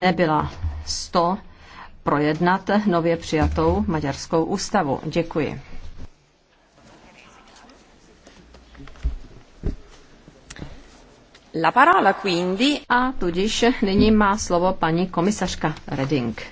nebyla 100 projednat nově přijatou maďarskou ústavu. Děkuji. La parola quindi. A tudíž nyní má slovo paní komisařka Reding.